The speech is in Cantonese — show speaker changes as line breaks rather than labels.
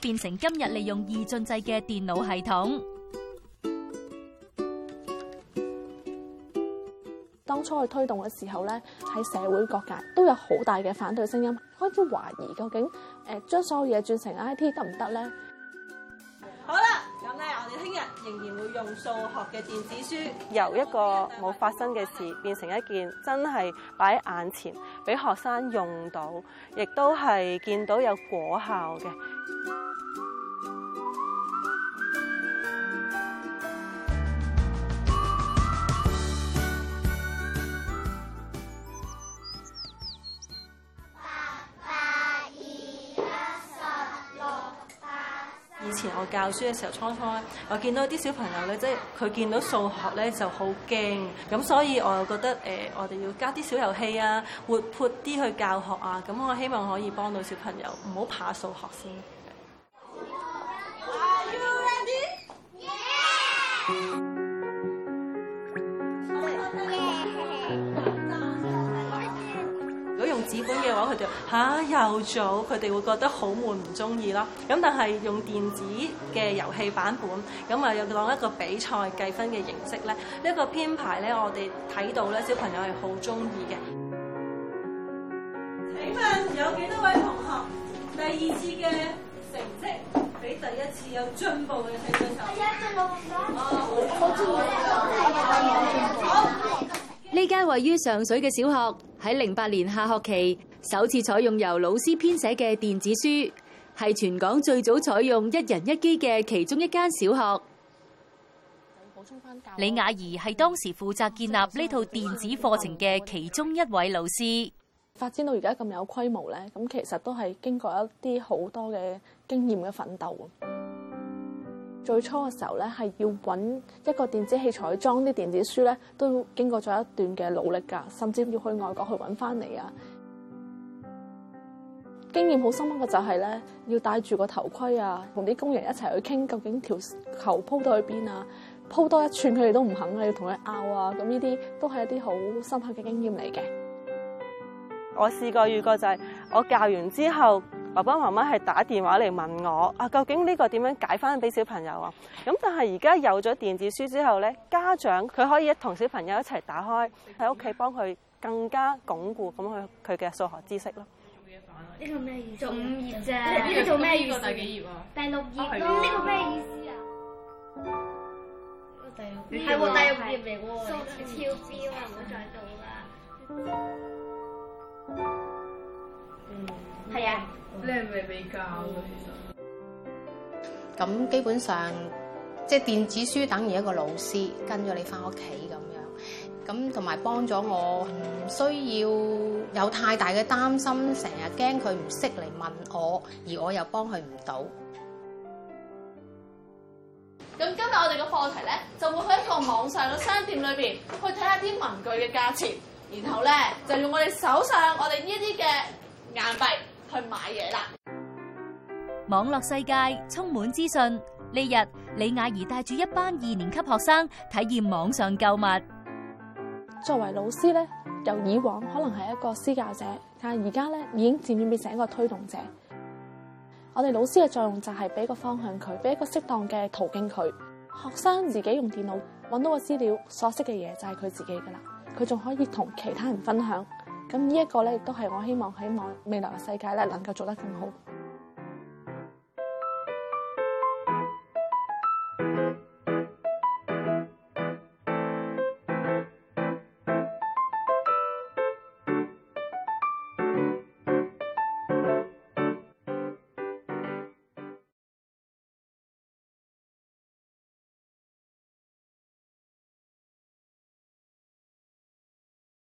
變成今日利用二進制嘅電腦系統。
當初去推動嘅時候咧，喺社會各界都有好大嘅反對聲音，開始懷疑究竟誒將所有嘢轉成 IT 得唔得咧？好啦，咁咧我哋聽日仍然
會用數學嘅電子書，由一個冇發生嘅事變成一件真係擺喺眼前，俾學生用到，亦都係見到有果效嘅。以前我教書嘅時候，初初我見到啲小朋友咧，即係佢見到數學咧就好驚，咁所以我又覺得誒、呃、我哋要加啲小遊戲啊，活潑啲去教學啊，咁我希望可以幫到小朋友，唔好怕數學先。紙本嘅話，佢哋嚇又早，佢哋會覺得好悶，唔中意咯。咁但係用電子嘅遊戲版本，咁啊又當一個比賽計分嘅形式咧。呢一個編排咧，我哋睇到咧，小朋友係好中意嘅。請問有幾多位同學第二次嘅成績比第一次有進步嘅？請舉手。第一隻老同學。好。哎
呢間位於上水嘅小學喺零八年下學期首次採用由老師編寫嘅電子書，係全港最早採用一人一機嘅其中一間小學。李雅儀係當時負責建立呢套電子課程嘅其中一位老師。發展到而家
咁有規模咧，咁其實都係經過一啲好多嘅經驗嘅奮鬥。最初嘅時候咧，係要揾一個電子器材去裝啲電子書咧，都經過咗一段嘅努力噶，甚至要去外國去揾翻嚟啊！經驗好深刻嘅就係咧，要戴住個頭盔啊，同啲工人一齊去傾究竟條球鋪到去邊啊，鋪多一寸佢哋都唔肯跟他啊，要同佢拗啊，咁呢啲都係一啲好深刻嘅經驗嚟嘅。
我試過遇過就係、是、我教完之後。爸爸媽媽係打電話嚟問我啊，究竟呢個點樣解翻俾小朋友啊？咁但係而家有咗電子書之後咧，家長佢可以一同小朋友一齊打開喺屋企，幫佢更加鞏固咁佢佢嘅數學知識咯。做嘢快
喎！呢個咩意思？做五頁啫。呢個咩意思？第六頁咯、啊。呢個咩意思啊？呢個第六頁。你係喎，第六頁嚟喎。數學超標啊！唔好再做啦。
係啊，你係咪比較咯？其實咁基本上，即係電子書等於一個老師跟咗你翻屋企咁樣，咁同埋幫咗我唔需要有太大嘅擔心，成日驚佢唔識嚟問我，而我又幫佢唔到。咁今日我哋嘅課題咧，就會去一個網上嘅商店裏邊去睇下啲文具嘅價錢，然後咧就用我哋手上我哋呢啲嘅硬幣。去
買嘢啦！網絡世界充滿資訊。呢日李雅儀帶住一班二年級學生體驗網上購物。作為老師咧，由以往可能係一個施教者，但係而家
咧已經漸漸變成一個推動者。我哋老師嘅作用就係俾個方向佢，俾一個適當嘅途徑佢。學生自己用電腦揾到個資料，所識嘅嘢就係佢自己噶啦。佢仲可以同其他人分享。咁呢一個咧，亦都係我希望希望未來嘅世界咧，能夠做得更好。